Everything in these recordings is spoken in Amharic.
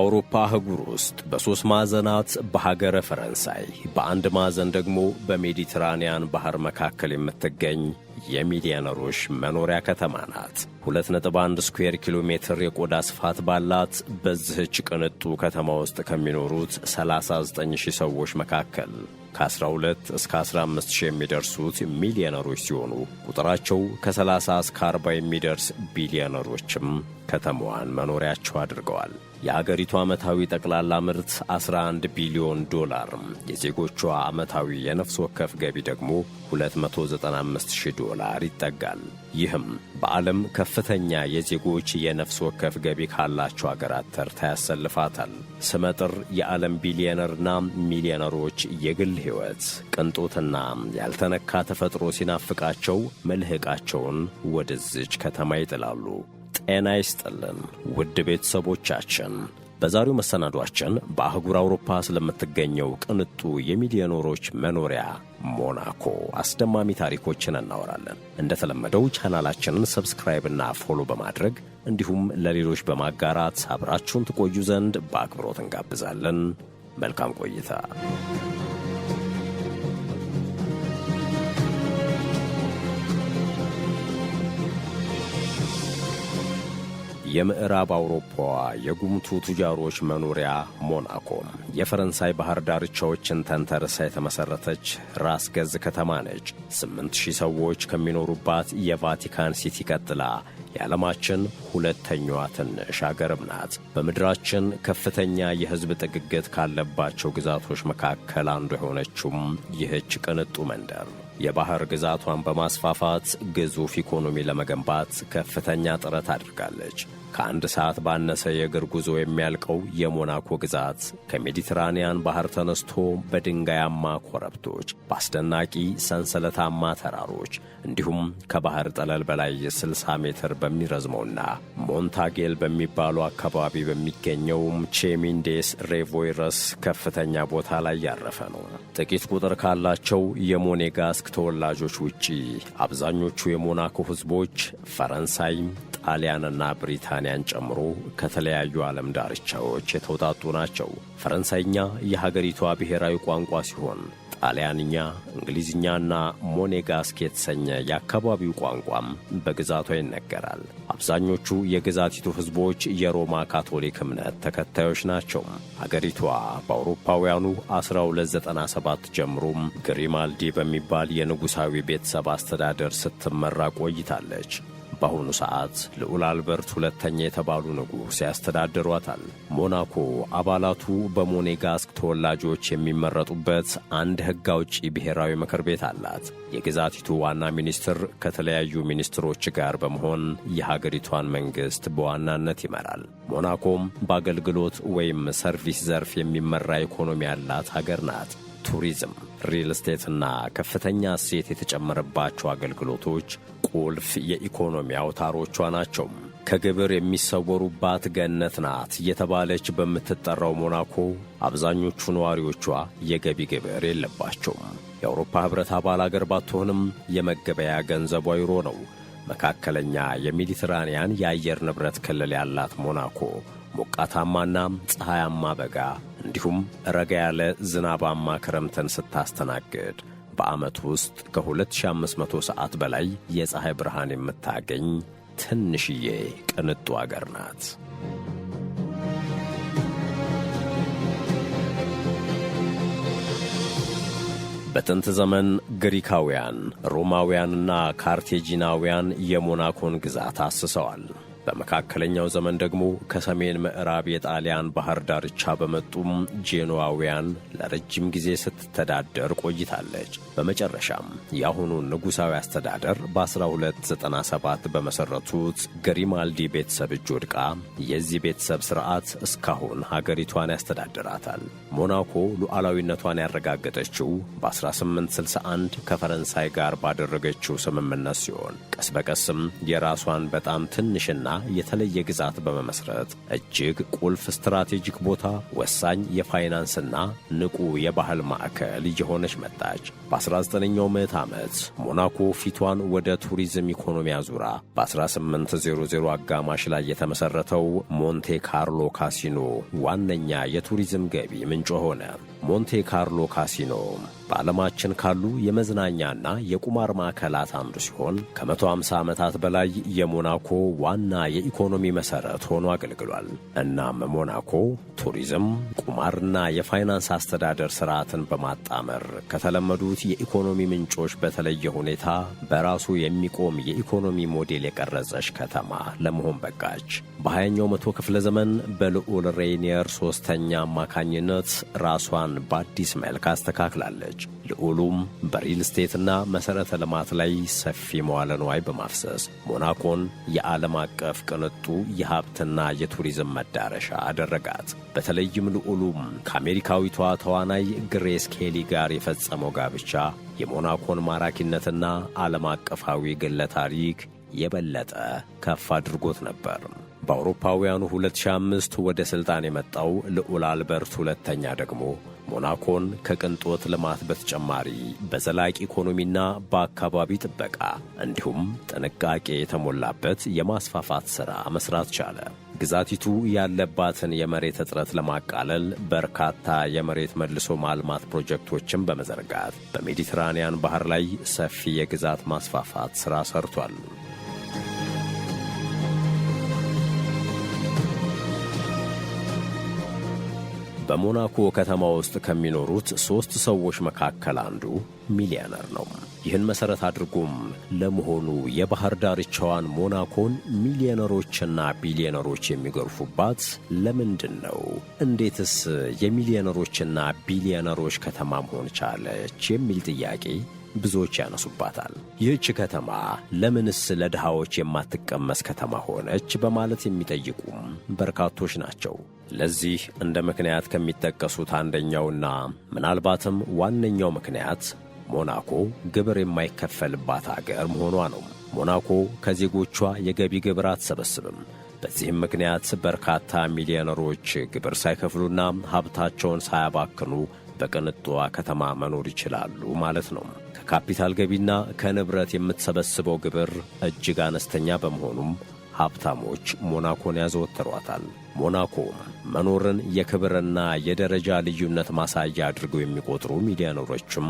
በአውሮፓ አህጉር ውስጥ በሦስት ማዕዘናት በሀገረ ፈረንሳይ በአንድ ማዕዘን ደግሞ በሜዲትራንያን ባህር መካከል የምትገኝ የሚሊዮነሮች መኖሪያ ከተማ ናት። 2.1 ስኩዌር ኪሎ ሜትር የቆዳ ስፋት ባላት በዚህች ቅንጡ ከተማ ውስጥ ከሚኖሩት 39 ሺህ ሰዎች መካከል ከ12 እስከ 15 ሺህ የሚደርሱት ሚሊዮነሮች ሲሆኑ ቁጥራቸው ከ30 እስከ 40 የሚደርስ ቢሊዮነሮችም ከተማዋን መኖሪያቸው አድርገዋል። የአገሪቱ ዓመታዊ ጠቅላላ ምርት 11 ቢሊዮን ዶላር፣ የዜጎቿ ዓመታዊ የነፍስ ወከፍ ገቢ ደግሞ 295,000 ዶላር ይጠጋል። ይህም በዓለም ከፍተኛ የዜጎች የነፍስ ወከፍ ገቢ ካላቸው አገራት ተርታ ያሰልፋታል። ስመጥር የዓለም ቢሊዮነርና ሚሊዮነሮች የግል ሕይወት ቅንጦትና ያልተነካ ተፈጥሮ ሲናፍቃቸው መልህቃቸውን ወደዚች ከተማ ይጥላሉ። ጤና ይስጥልን ውድ ቤተሰቦቻችን፣ በዛሬው መሰናዷችን በአህጉር አውሮፓ ስለምትገኘው ቅንጡ የሚሊዮነሮች መኖሪያ ሞናኮ አስደማሚ ታሪኮችን እናወራለን። እንደተለመደው ቻናላችንን ሰብስክራይብና ፎሎ በማድረግ እንዲሁም ለሌሎች በማጋራት አብራችሁን ትቆዩ ዘንድ በአክብሮት እንጋብዛለን። መልካም ቆይታ። የምዕራብ አውሮፓዋ የጉምቱ ቱጃሮች መኖሪያ ሞናኮም የፈረንሳይ ባህር ዳርቻዎችን ተንተርሳ የተመሠረተች ራስ ገዝ ከተማ ነች። ስምንት ሺህ ሰዎች ከሚኖሩባት የቫቲካን ሲቲ ቀጥላ የዓለማችን ሁለተኛዋ ትንሽ አገርም ናት። በምድራችን ከፍተኛ የሕዝብ ጥግግት ካለባቸው ግዛቶች መካከል አንዱ የሆነችውም ይህች ቅንጡ መንደር የባህር ግዛቷን በማስፋፋት ግዙፍ ኢኮኖሚ ለመገንባት ከፍተኛ ጥረት አድርጋለች። ከአንድ ሰዓት ባነሰ የእግር ጉዞ የሚያልቀው የሞናኮ ግዛት ከሜዲትራንያን ባህር ተነስቶ በድንጋያማ ኮረብቶች፣ በአስደናቂ ሰንሰለታማ ተራሮች እንዲሁም ከባህር ጠለል በላይ የ60 ሜትር በሚረዝመውና ሞንታጌል በሚባሉ አካባቢ በሚገኘውም ቼሚንዴስ ሬቮይረስ ከፍተኛ ቦታ ላይ ያረፈ ነው። ጥቂት ቁጥር ካላቸው የሞኔጋስክ ተወላጆች ውጪ አብዛኞቹ የሞናኮ ሕዝቦች ፈረንሳይ፣ ጣሊያንና ብሪታንያ ምዕራባውያንን ጨምሮ ከተለያዩ ዓለም ዳርቻዎች የተውጣጡ ናቸው። ፈረንሳይኛ የሀገሪቷ ብሔራዊ ቋንቋ ሲሆን ጣሊያንኛ፣ እንግሊዝኛና ሞኔጋስክ የተሰኘ የአካባቢው ቋንቋም በግዛቷ ይነገራል። አብዛኞቹ የግዛቲቱ ሕዝቦች የሮማ ካቶሊክ እምነት ተከታዮች ናቸው። አገሪቷ በአውሮፓውያኑ 1297 ጀምሮም ግሪማልዲ በሚባል የንጉሣዊ ቤተሰብ አስተዳደር ስትመራ ቆይታለች። በአሁኑ ሰዓት ልዑል አልበርት ሁለተኛ የተባሉ ንጉሥ ያስተዳድሯታል። ሞናኮ አባላቱ በሞኔጋስክ ተወላጆች የሚመረጡበት አንድ ሕግ አውጪ ብሔራዊ ምክር ቤት አላት። የግዛቲቱ ዋና ሚኒስትር ከተለያዩ ሚኒስትሮች ጋር በመሆን የሀገሪቷን መንግሥት በዋናነት ይመራል። ሞናኮም በአገልግሎት ወይም ሰርቪስ ዘርፍ የሚመራ ኢኮኖሚ ያላት ሀገር ናት። ቱሪዝም፣ ሪል ስቴትና ከፍተኛ እሴት የተጨመረባቸው አገልግሎቶች ቁልፍ የኢኮኖሚ አውታሮቿ ናቸው። ከግብር የሚሰወሩባት ገነት ናት እየተባለች በምትጠራው ሞናኮ አብዛኞቹ ነዋሪዎቿ የገቢ ግብር የለባቸውም። የአውሮፓ ኅብረት አባል አገር ባትሆንም የመገበያ ገንዘቧ ዩሮ ነው። መካከለኛ የሜዲትራንያን የአየር ንብረት ክልል ያላት ሞናኮ ሞቃታማና ፀሐያማ በጋ እንዲሁም ረጋ ያለ ዝናባማ ክረምትን ስታስተናግድ በዓመት ውስጥ ከ2500 ሰዓት በላይ የፀሐይ ብርሃን የምታገኝ ትንሽዬ ቅንጡ አገር ናት። በጥንት ዘመን ግሪካውያን፣ ሮማውያንና ካርቴጂናውያን የሞናኮን ግዛት አስሰዋል። በመካከለኛው ዘመን ደግሞ ከሰሜን ምዕራብ የጣሊያን ባህር ዳርቻ በመጡም ጄኖዋውያን ለረጅም ጊዜ ስትተዳደር ቆይታለች። በመጨረሻም የአሁኑ ንጉሣዊ አስተዳደር በ1297 በመሠረቱት ገሪማልዲ ቤተሰብ እጅ ወድቃ የዚህ ቤተሰብ ሥርዓት እስካሁን ሀገሪቷን ያስተዳድራታል። ሞናኮ ሉዓላዊነቷን ያረጋገጠችው በ1861 ከፈረንሳይ ጋር ባደረገችው ስምምነት ሲሆን ቀስ በቀስም የራሷን በጣም ትንሽና የተለየ ግዛት በመመስረት እጅግ ቁልፍ ስትራቴጂክ ቦታ፣ ወሳኝ የፋይናንስና ንቁ የባህል ማዕከል እየሆነች መጣች። በ በ19ኛው ምዕት ዓመት ሞናኮ ፊቷን ወደ ቱሪዝም ኢኮኖሚ አዙራ በ1800 አጋማሽ ላይ የተመሠረተው ሞንቴ ካርሎ ካሲኖ ዋነኛ የቱሪዝም ገቢ ምንጭ ሆነ። ሞንቴ ካርሎ ካሲኖ በዓለማችን ካሉ የመዝናኛና የቁማር ማዕከላት አንዱ ሲሆን ከ150 ዓመታት በላይ የሞናኮ ዋና የኢኮኖሚ መሠረት ሆኖ አገልግሏል። እናም ሞናኮ ቱሪዝም፣ ቁማርና የፋይናንስ አስተዳደር ሥርዓትን በማጣመር ከተለመዱት የ የኢኮኖሚ ምንጮች በተለየ ሁኔታ በራሱ የሚቆም የኢኮኖሚ ሞዴል የቀረጸች ከተማ ለመሆን በቃች። በሃያኛው መቶ ክፍለ ዘመን በልዑል ሬኒየር ሦስተኛ አማካኝነት ራሷን በአዲስ መልክ አስተካክላለች። ልዑሉም በሪል ስቴትና መሠረተ ልማት ላይ ሰፊ መዋለ ንዋይ በማፍሰስ ሞናኮን የዓለም አቀፍ ቅንጡ የሀብትና የቱሪዝም መዳረሻ አደረጋት። በተለይም ልዑሉም ከአሜሪካዊቷ ተዋናይ ግሬስ ኬሊ ጋር የፈጸመው ጋብቻ የሞናኮን ማራኪነትና ዓለም አቀፋዊ ግለ ታሪክ የበለጠ ከፍ አድርጎት ነበር። በአውሮፓውያኑ 2005 ወደ ሥልጣን የመጣው ልዑል አልበርት ሁለተኛ ደግሞ ሞናኮን ከቅንጦት ልማት በተጨማሪ በዘላቂ ኢኮኖሚና በአካባቢ ጥበቃ እንዲሁም ጥንቃቄ የተሞላበት የማስፋፋት ሥራ መስራት ቻለ። ግዛቲቱ ያለባትን የመሬት እጥረት ለማቃለል በርካታ የመሬት መልሶ ማልማት ፕሮጀክቶችን በመዘርጋት በሜዲትራንያን ባህር ላይ ሰፊ የግዛት ማስፋፋት ሥራ ሰርቷል። በሞናኮ ከተማ ውስጥ ከሚኖሩት ሦስት ሰዎች መካከል አንዱ ሚሊዮነር ነው። ይህን መሠረት አድርጎም ለመሆኑ የባሕር ዳርቻዋን ሞናኮን ሚሊዮነሮችና ቢሊዮነሮች የሚጎርፉባት ለምንድን ነው? እንዴትስ የሚሊዮነሮችና ቢሊዮነሮች ከተማ መሆን ቻለች? የሚል ጥያቄ ብዙዎች ያነሱባታል። ይህች ከተማ ለምንስ ለድሃዎች የማትቀመስ ከተማ ሆነች? በማለት የሚጠይቁም በርካቶች ናቸው። ለዚህ እንደ ምክንያት ከሚጠቀሱት አንደኛውና ምናልባትም ዋነኛው ምክንያት ሞናኮ ግብር የማይከፈልባት አገር መሆኗ ነው። ሞናኮ ከዜጎቿ የገቢ ግብር አትሰበስብም። በዚህም ምክንያት በርካታ ሚሊዮነሮች ግብር ሳይከፍሉና ሀብታቸውን ሳያባክኑ በቅንጧ ከተማ መኖር ይችላሉ ማለት ነው። ከካፒታል ገቢና ከንብረት የምትሰበስበው ግብር እጅግ አነስተኛ በመሆኑም ሀብታሞች ሞናኮን ያዘወትሯታል። ሞናኮም መኖርን የክብርና የደረጃ ልዩነት ማሳያ አድርገው የሚቆጥሩ ሚሊዮነሮችም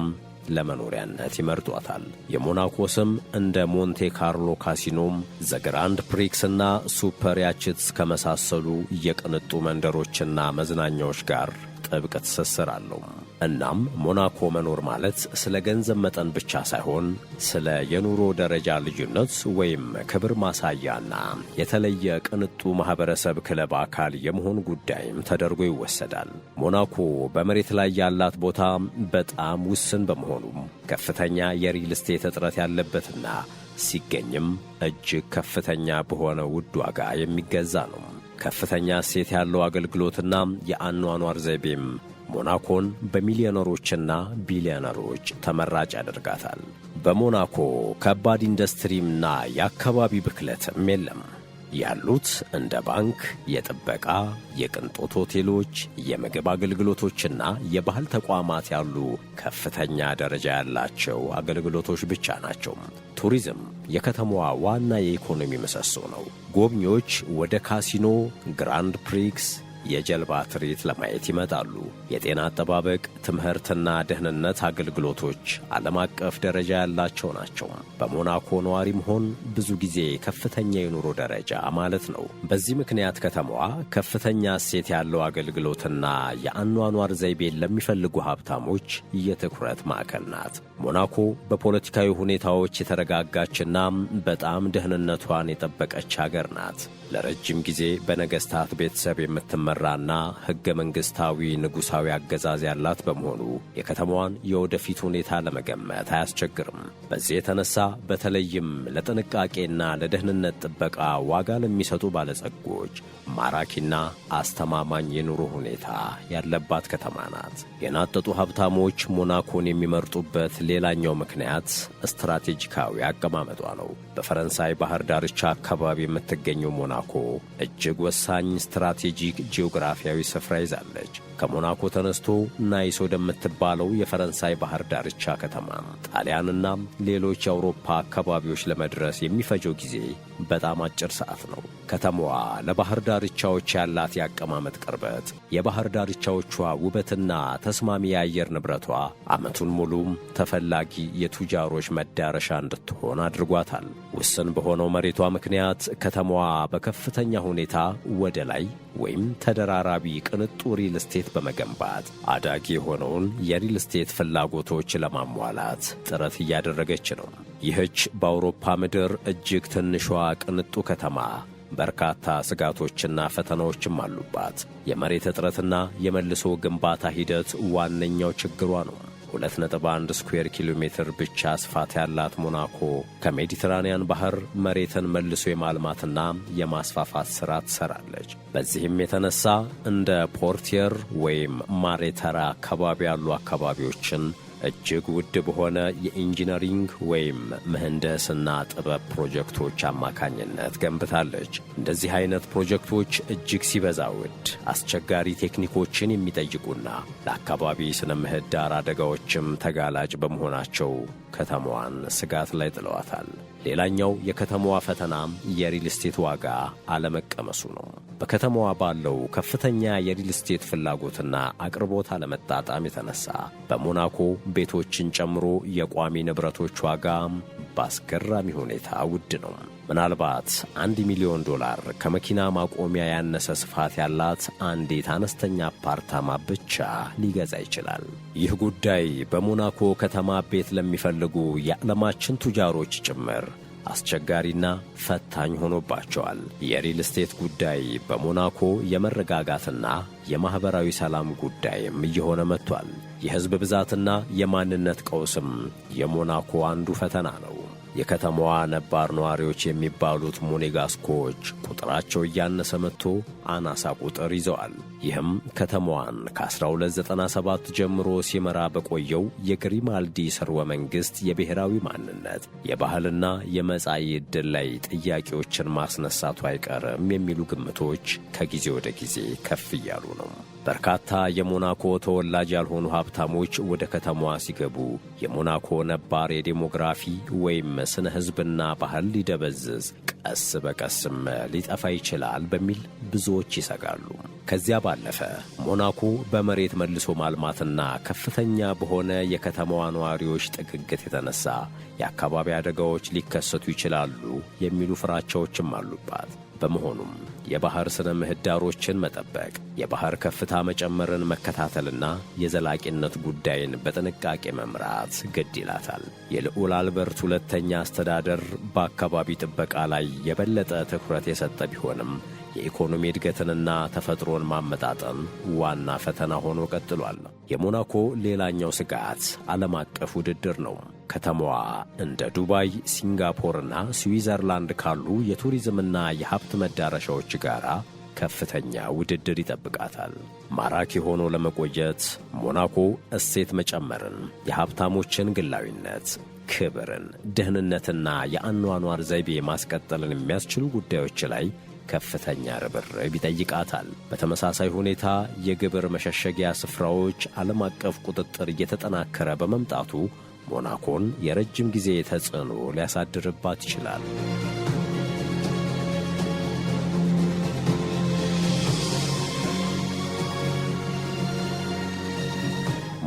ለመኖሪያነት ይመርጧታል። የሞናኮ ስም እንደ ሞንቴ ካርሎ ካሲኖም፣ ዘግራንድ ፕሪክስና ሱፐር ያችትስ ከመሳሰሉ የቅንጡ መንደሮችና መዝናኛዎች ጋር ጥብቅ ትስስር አለው። እናም ሞናኮ መኖር ማለት ስለ ገንዘብ መጠን ብቻ ሳይሆን ስለ የኑሮ ደረጃ ልዩነት ወይም ክብር ማሳያና የተለየ ቅንጡ ማህበረሰብ ክለብ አካል የመሆን ጉዳይም ተደርጎ ይወሰዳል። ሞናኮ በመሬት ላይ ያላት ቦታ በጣም ውስን በመሆኑም ከፍተኛ የሪል ስቴት እጥረት ያለበትና ሲገኝም እጅግ ከፍተኛ በሆነ ውድ ዋጋ የሚገዛ ነው። ከፍተኛ እሴት ያለው አገልግሎትና የአኗኗር ዘይቤም ሞናኮን በሚሊዮነሮችና ቢሊዮነሮች ተመራጭ ያደርጋታል። በሞናኮ ከባድ ኢንዱስትሪምና የአካባቢ ብክለትም የለም። ያሉት እንደ ባንክ፣ የጥበቃ፣ የቅንጦት ሆቴሎች፣ የምግብ አገልግሎቶችና የባህል ተቋማት ያሉ ከፍተኛ ደረጃ ያላቸው አገልግሎቶች ብቻ ናቸው። ቱሪዝም የከተማዋ ዋና የኢኮኖሚ ምሰሶ ነው። ጎብኚዎች ወደ ካሲኖ፣ ግራንድ ፕሪክስ የጀልባ ትርኢት ለማየት ይመጣሉ። የጤና አጠባበቅ፣ ትምህርትና ደህንነት አገልግሎቶች ዓለም አቀፍ ደረጃ ያላቸው ናቸው። በሞናኮ ነዋሪ መሆን ብዙ ጊዜ ከፍተኛ የኑሮ ደረጃ ማለት ነው። በዚህ ምክንያት ከተማዋ ከፍተኛ እሴት ያለው አገልግሎትና የአኗኗር ዘይቤን ለሚፈልጉ ሀብታሞች የትኩረት ማዕከል ናት። ሞናኮ በፖለቲካዊ ሁኔታዎች የተረጋጋችና በጣም ደህንነቷን የጠበቀች ሀገር ናት። ለረጅም ጊዜ በነገሥታት ቤተሰብ የምትመ የተመራና ሕገ መንግሥታዊ ንጉሣዊ አገዛዝ ያላት በመሆኑ የከተማዋን የወደፊት ሁኔታ ለመገመት አያስቸግርም። በዚህ የተነሳ በተለይም ለጥንቃቄና ለደህንነት ጥበቃ ዋጋ ለሚሰጡ ባለጸጎች ማራኪና አስተማማኝ የኑሮ ሁኔታ ያለባት ከተማ ናት። የናጠጡ ሀብታሞች ሞናኮን የሚመርጡበት ሌላኛው ምክንያት ስትራቴጂካዊ አቀማመጧ ነው። በፈረንሳይ ባህር ዳርቻ አካባቢ የምትገኘው ሞናኮ እጅግ ወሳኝ ስትራቴጂክ ጂኦግራፊያዊ ስፍራ ይዛለች። ከሞናኮ ተነስቶ ናይስ ወደምትባለው የፈረንሳይ ባህር ዳርቻ ከተማ ጣሊያንና ሌሎች የአውሮፓ አካባቢዎች ለመድረስ የሚፈጀው ጊዜ በጣም አጭር ሰዓት ነው። ከተማዋ ለባህር ዳርቻዎች ያላት የአቀማመጥ ቅርበት፣ የባህር ዳርቻዎቿ ውበትና ተስማሚ የአየር ንብረቷ ዓመቱን ሙሉም ተፈላጊ የቱጃሮች መዳረሻ እንድትሆን አድርጓታል። ውስን በሆነው መሬቷ ምክንያት ከተማዋ በከፍተኛ ሁኔታ ወደ ላይ ወይም ተደራራቢ ቅንጡ ሪል ስቴት በመገንባት አዳጊ የሆነውን የሪል ስቴት ፍላጎቶች ለማሟላት ጥረት እያደረገች ነው። ይህች በአውሮፓ ምድር እጅግ ትንሿ ቅንጡ ከተማ በርካታ ስጋቶችና ፈተናዎችም አሉባት። የመሬት እጥረትና የመልሶ ግንባታ ሂደት ዋነኛው ችግሯ ነው። 2.1 ስኩዌር ኪሎ ሜትር ብቻ ስፋት ያላት ሞናኮ ከሜዲትራንያን ባህር መሬትን መልሶ የማልማትና የማስፋፋት ሥራ ትሠራለች። በዚህም የተነሳ እንደ ፖርቲየር ወይም ማሬተራ አካባቢ ያሉ አካባቢዎችን እጅግ ውድ በሆነ የኢንጂነሪንግ ወይም ምህንድስና ጥበብ ፕሮጀክቶች አማካኝነት ገንብታለች። እንደዚህ አይነት ፕሮጀክቶች እጅግ ሲበዛ ውድ፣ አስቸጋሪ ቴክኒኮችን የሚጠይቁና ለአካባቢ ስነ ምህዳር አደጋዎችም ተጋላጭ በመሆናቸው ከተማዋን ስጋት ላይ ጥለዋታል። ሌላኛው የከተማዋ ፈተናም የሪል ስቴት ዋጋ አለመቀመሱ ነው። በከተማዋ ባለው ከፍተኛ የሪል ስቴት ፍላጎትና አቅርቦት አለመጣጣም የተነሳ በሞናኮ ቤቶችን ጨምሮ የቋሚ ንብረቶች ዋጋ በአስገራሚ ሁኔታ ውድ ነው። ምናልባት አንድ ሚሊዮን ዶላር ከመኪና ማቆሚያ ያነሰ ስፋት ያላት አንዲት አነስተኛ አፓርታማ ብቻ ሊገዛ ይችላል። ይህ ጉዳይ በሞናኮ ከተማ ቤት ለሚፈልጉ የዓለማችን ቱጃሮች ጭምር አስቸጋሪና ፈታኝ ሆኖባቸዋል። የሪል ስቴት ጉዳይ በሞናኮ የመረጋጋትና የማኅበራዊ ሰላም ጉዳይም እየሆነ መጥቷል። የሕዝብ ብዛትና የማንነት ቀውስም የሞናኮ አንዱ ፈተና ነው። የከተማዋ ነባር ነዋሪዎች የሚባሉት ሞኔጋስኮዎች ቁጥራቸው እያነሰ መጥቶ አናሳ ቁጥር ይዘዋል። ይህም ከተማዋን ከ1297 ጀምሮ ሲመራ በቆየው የግሪማልዲ ሰርወ መንግሥት የብሔራዊ ማንነት የባህልና የመጻኢ ዕድል ላይ ጥያቄዎችን ማስነሳቱ አይቀርም የሚሉ ግምቶች ከጊዜ ወደ ጊዜ ከፍ እያሉ ነው። በርካታ የሞናኮ ተወላጅ ያልሆኑ ሀብታሞች ወደ ከተማዋ ሲገቡ የሞናኮ ነባር የዴሞግራፊ ወይም ስነ ሕዝብና ባህል ሊደበዝዝ ቀስ በቀስም ሊጠፋ ይችላል በሚል ብዙዎች ይሰጋሉ። ከዚያ ባለፈ ሞናኮ በመሬት መልሶ ማልማትና ከፍተኛ በሆነ የከተማዋ ነዋሪዎች ጥግግት የተነሳ የአካባቢ አደጋዎች ሊከሰቱ ይችላሉ የሚሉ ፍራቻዎችም አሉባት። በመሆኑም የባህር ስነ ምህዳሮችን መጠበቅ፣ የባህር ከፍታ መጨመርን መከታተልና የዘላቂነት ጉዳይን በጥንቃቄ መምራት ግድ ይላታል። የልዑል አልበርት ሁለተኛ አስተዳደር በአካባቢ ጥበቃ ላይ የበለጠ ትኩረት የሰጠ ቢሆንም የኢኮኖሚ እድገትንና ተፈጥሮን ማመጣጠን ዋና ፈተና ሆኖ ቀጥሏል። የሞናኮ ሌላኛው ስጋት ዓለም አቀፍ ውድድር ነው። ከተማዋ እንደ ዱባይ፣ ሲንጋፖርና ስዊዘርላንድ ካሉ የቱሪዝምና የሀብት መዳረሻዎች ጋር ከፍተኛ ውድድር ይጠብቃታል። ማራኪ ሆኖ ለመቆየት ሞናኮ እሴት መጨመርን፣ የሀብታሞችን ግላዊነት፣ ክብርን፣ ደህንነትና የአኗኗር ዘይቤ ማስቀጠልን የሚያስችሉ ጉዳዮች ላይ ከፍተኛ ርብርብ ይጠይቃታል። በተመሳሳይ ሁኔታ የግብር መሸሸጊያ ስፍራዎች ዓለም አቀፍ ቁጥጥር እየተጠናከረ በመምጣቱ ሞናኮን የረጅም ጊዜ ተጽዕኖ ሊያሳድርባት ይችላል።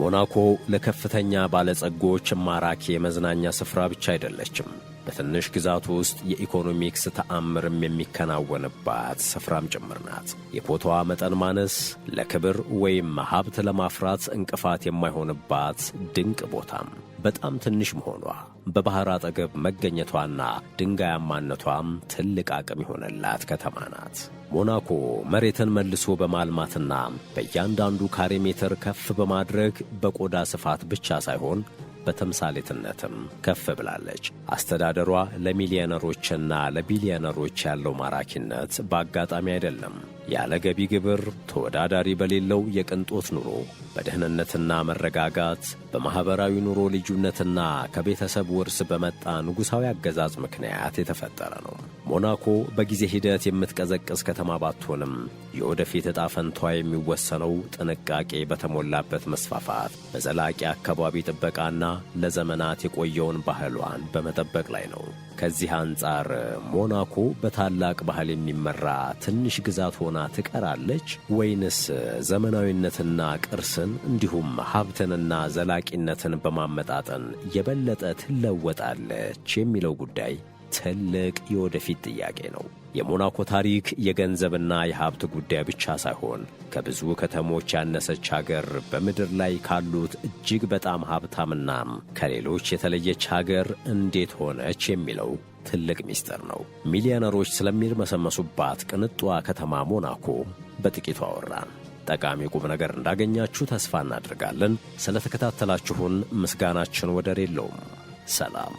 ሞናኮ ለከፍተኛ ባለጸጎች ማራኪ የመዝናኛ ስፍራ ብቻ አይደለችም። በትንሽ ግዛቱ ውስጥ የኢኮኖሚክስ ተአምርም የሚከናወንባት ስፍራም ጭምር ናት። የቦታዋ መጠን ማነስ ለክብር ወይም ሀብት ለማፍራት እንቅፋት የማይሆንባት ድንቅ ቦታም በጣም ትንሽ መሆኗ በባህር አጠገብ መገኘቷና ድንጋያማነቷም ትልቅ አቅም የሆነላት ከተማ ናት። ሞናኮ መሬትን መልሶ በማልማትና በእያንዳንዱ ካሬ ሜትር ከፍ በማድረግ በቆዳ ስፋት ብቻ ሳይሆን በተምሳሌትነትም ከፍ ብላለች። አስተዳደሯ ለሚሊዮነሮችና ለቢሊዮነሮች ያለው ማራኪነት በአጋጣሚ አይደለም። ያለ ገቢ ግብር ተወዳዳሪ በሌለው የቅንጦት ኑሮ በደህንነትና መረጋጋት፣ በማኅበራዊ ኑሮ ልዩነትና ከቤተሰብ ውርስ በመጣ ንጉሣዊ አገዛዝ ምክንያት የተፈጠረ ነው። ሞናኮ በጊዜ ሂደት የምትቀዘቅዝ ከተማ ባትሆንም የወደፊት ዕጣ ፈንቷ የሚወሰነው ጥንቃቄ በተሞላበት መስፋፋት፣ በዘላቂ አካባቢ ጥበቃና ለዘመናት የቆየውን ባህሏን በመጠበቅ ላይ ነው። ከዚህ አንጻር ሞናኮ በታላቅ ባህል የሚመራ ትንሽ ግዛት ሆና ትቀራለች ወይንስ ዘመናዊነትና ቅርስ እድገትን እንዲሁም ሀብትንና ዘላቂነትን በማመጣጠን የበለጠ ትለወጣለች የሚለው ጉዳይ ትልቅ የወደፊት ጥያቄ ነው። የሞናኮ ታሪክ የገንዘብና የሀብት ጉዳይ ብቻ ሳይሆን ከብዙ ከተሞች ያነሰች ሀገር በምድር ላይ ካሉት እጅግ በጣም ሀብታምናም ከሌሎች የተለየች ሀገር እንዴት ሆነች የሚለው ትልቅ ምስጢር ነው። ሚሊዮነሮች ስለሚርመሰመሱባት ቅንጧ ከተማ ሞናኮ በጥቂቱ አወራን። ጠቃሚ ቁም ነገር እንዳገኛችሁ ተስፋ እናደርጋለን። ስለተከታተላችሁን ምስጋናችን ወደር የለውም። ሰላም